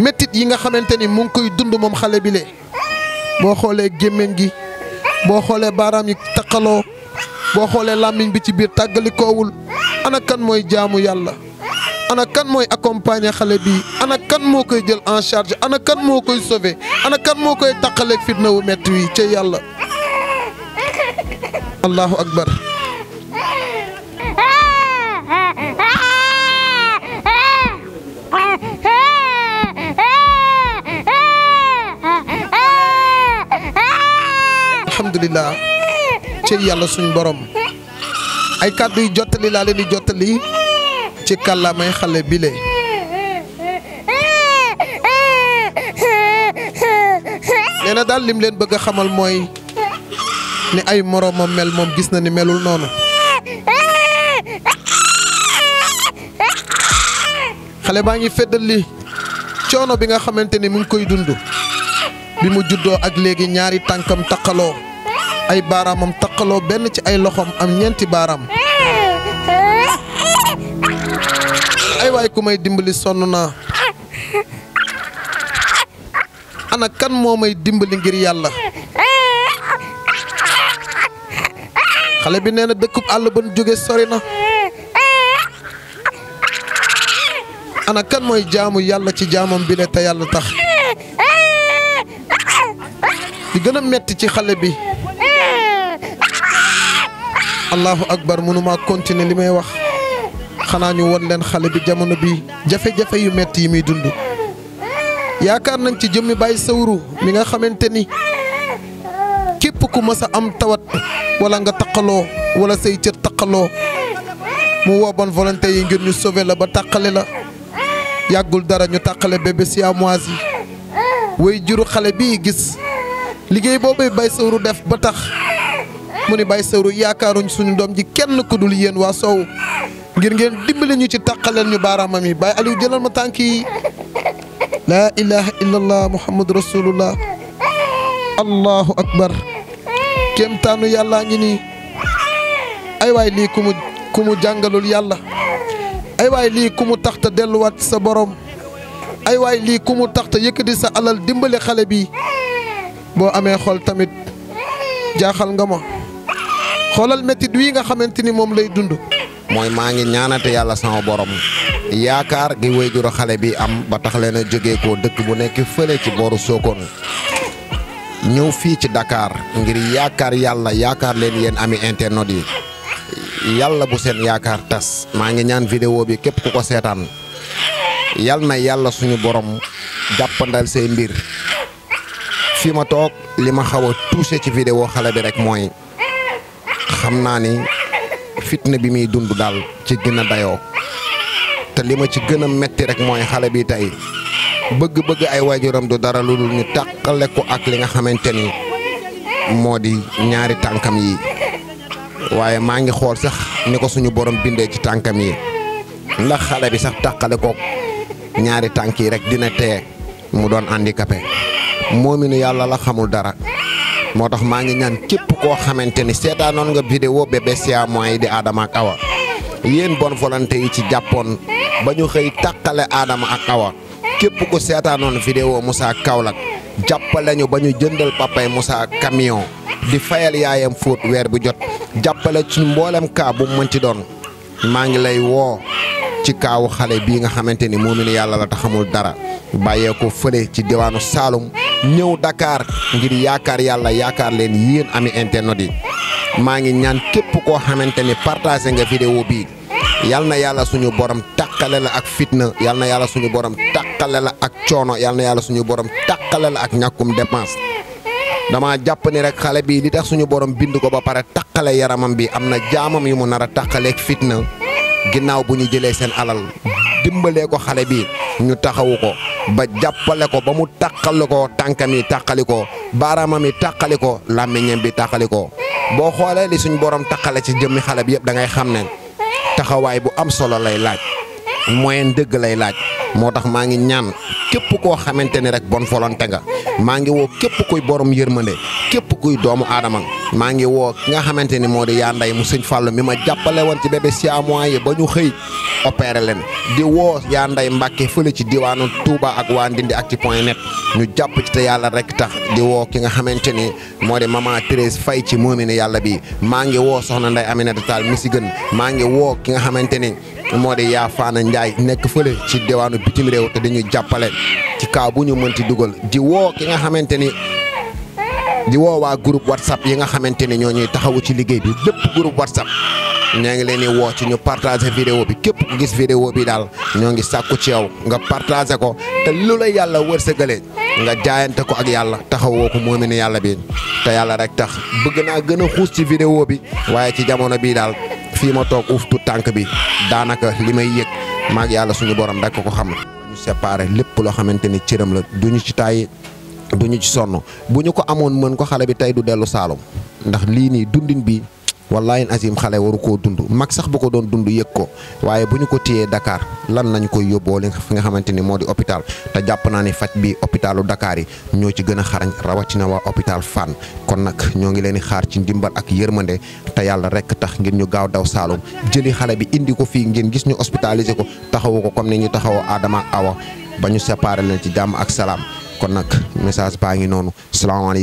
méttit yi nga xamante ni mu ngi koy dund moom xale bi le boo xoolee gémmiñ gi boo xoolee baaraam yi taqaloo boo xoolee làmmiñ bi ci biir tàggalikoowul ana kan mooy jaamu yàlla ana kan mooy accompagner xale bi ana kan moo koy jël en charge ana kan moo koy sauver anakan moo koy taqaleeg fitna wu métti wi ca yàlla allahu akbar yalla ci yalla suñ borom ay kaddu jotali la leen di jottali ci kàllaamay xalé bile nee na dal lim leen bëgg xamal moy ni ay morom mel mom gis na ni melul noonu xalé baa ngi feddal li ciono bi nga xamanteni mu ngi koy dundu bi mu juddoo ak léegi ñaari tankam ay baaraamam taqaloo benn ci ay loxoom am ñeenti baaraam ay waay ku may dimbali sonn naa ana kan moo may dimbali ngir yàlla xale bi nee na dëkkub àll ba nu jóge sori na ana kan mooy jaamu yàlla ci jaamam bile te yàlla tax li gëna metti ci xale bi allahu akbar mënuma continuer li may wax xanaa ñu won leen xale bi jamono bi jafe-jafe yu metti yi muy dund yaakaar nañ ci jëmmi Baye Sawru mi nga xamante ni képp ku mës a am tawat wala nga taqaloo wala say cër taqaloo mu woo bonne volonté yi ngir ñu sauver la ba tàqale la yàggul dara ñu tàqale bébé siamois yi way juru xale bii gis liggéey boobu Baye Sawru def ba tax mu ni Baye Sëru yaakaaruñ suñu doom ji kenn ku dul yéen waa Sow ngir ngeen dimbali ñu ci taqaleen ñu baaraamam yi Baye Aliou jëlal ma tànk yi laa ilaha illallah muhammadu rasulullah allahu akbar kéemtaanu yàllaa ngi nii ay waay lii ku mu jàngalul yàlla ay waay lii ku mu taxta delluwaat sa borom ay waay lii ku mu taxta di sa alal dimbali xale bi boo amee xool tamit jaaxal nga ma xoolal méttit wii nga xamanteni mom lay dund moy ma ngi ñaanate yalla sama borom yaakar gi wéyjuru xale bi am ba tax leena joge ko dekk bu nekk fële ci boru sokon ñew fi ci Dakar ngir yaakar yalla yaakar leen yeen ami internet yi Yalla bu seen yaakar tas ma ngi ñaan video bi kep ku ko setan yal na suñu borom jàppandal sey mbir fi ma lima li touché ci video xale bi rek moy xamna ni fitna bi mi dund dal ci gën dayo te lima ci gëna metti rek moy xalé bi tay bëgg-bëgg ay wajuram du dara lu ñu ko ak li nga xamanteni ni ñaari tankam yi waye ma ngi xol sax ni ko suñu borom bindé ci tankam yi la xalé bi sax ko ñaari tanki rek dina té mu doon handicapé moominu yalla la xamul dara motax ma ngi ñaan képp ko xamanteni ni seetaanoon nga vidéo bébé Sia mooy di Adama kawa Awa bon volonté yi ci japon bañu xey xëy Adama ak Awa ko ku seetaanoon vidéo musa kawlak jàppale ñu jëndal papay musa camion di fayal yaayam foot weer bu jot jàppale ci mbolam ka bu mën ci doon maa ngi lay wo ci kaawu xalé bi nga xamanteni momine yalla la taxamul dara ko feulé ci diwanu ñëw dakaar ngir yaakaar yàlla yaakaar leen yéen ami internet yi maa ngi ñaan képp koo xamante ni partagé nga vidéo bii yal na yàlla suñu borom tàqale la ak fitna yal na yàlla suñu borom tàqale la ak coono yal yàlla suñu borom tàqale la ak ñàkkum dépense dama jàpp ni rek xale bii li tax suñu borom bind ko ba pare tàqale yaramam bi am na jaamam yu mu nar a takkaleek fitna ginnaaw bu ñu jëlee seen alal dimbalee ko xale bi ñu taxawu ko ba jàppale ko ba mu tàqal ko tànkam yi tàqali ko baaraamam yi tàqali ko làmmiñam bi tàqali ko boo xoolee li suñ borom taqale ci jëmmi xale bi yëpp da ngay xam ne taxawaay bu am solo lay laaj moyen dëgg lay laaj. moo tax maa ngi ñaan képp koo xamante ni rek bon volonté nga maa ngi woo képp kuy borom yërmande képp kuy doomu aadama maa ngi woo ki nga xamante ni moo di yaa nday mu sëñ Fallou mi ma jàppale woon ci bébé siamois yi ba ñu xëy opéré leen di woo yaa nday Mbàkke fële ci diwaanu Touba ak waa Ndindi ak ci point net ñu jàpp ci te yàlla rek tax di woo ki nga xamante ni moo di maman Thérèse fay ci moomine yàlla bii maa ngi woo soxna nday Aminata Tall mi ngi woo ki nga xamante ni moo di yaa Fana Ndiaye nekk fële ci diwaanu bitim réew te dañuy jàppale ci kaw bu ñu mënti dugal di woo ki nga xamante ni di woo waa groupe whatsapp yi nga xamante ni ñoo ñuy taxawu ci liggéey bi lépp groupe whatsapp ñoo ngi leen di woo ci ñu partager vidéo bi képp ku gis vidéo bi daal ñoo ngi sàkku ci yow nga partager ko te lu la yàlla wërsëgalee nga jaayante ko ak yàlla taxawoo ko moomin yàlla bi te yàlla rek tax bëgg naa gën a xuus ci vidéo bi waaye ci jamono bii daal. fii ma toog uuf tu tànk bi daanaka li may yëg maag yàlla suñu borom rek ko xam ñu séparé lépp loo xamante ni cëram la duñu ci tàyyi duñu ci sonn bu ñu ko amoon mën ko xale bi tey du dellu Saalum ndax lii nii dundin bi wallaahi azim xale waru koo dund mag sax bu ko doon dund yëg ko waaye bu ñu ko téyee dakaar lan lañ koy yóbboo li nga xamante ni moo di hôpital te jàpp naa ne faj bi hôpitalu Dakar yi ñoo ci gën a xarañ rawatina waa hôpital Fann kon nag ñoo ngi leen di xaar ci ndimbal ak yërmande te yàlla rek tax ngir ñu gaaw daw Saalum jëli xale bi indi ko fii ngeen gis ñu hospitalisé ko taxawu ko comme ni ñu taxawoo aadama ak Awa ba ñu séparé leen ci jàmm ak salaam kon nag message baa ngi noonu salaamaaleykum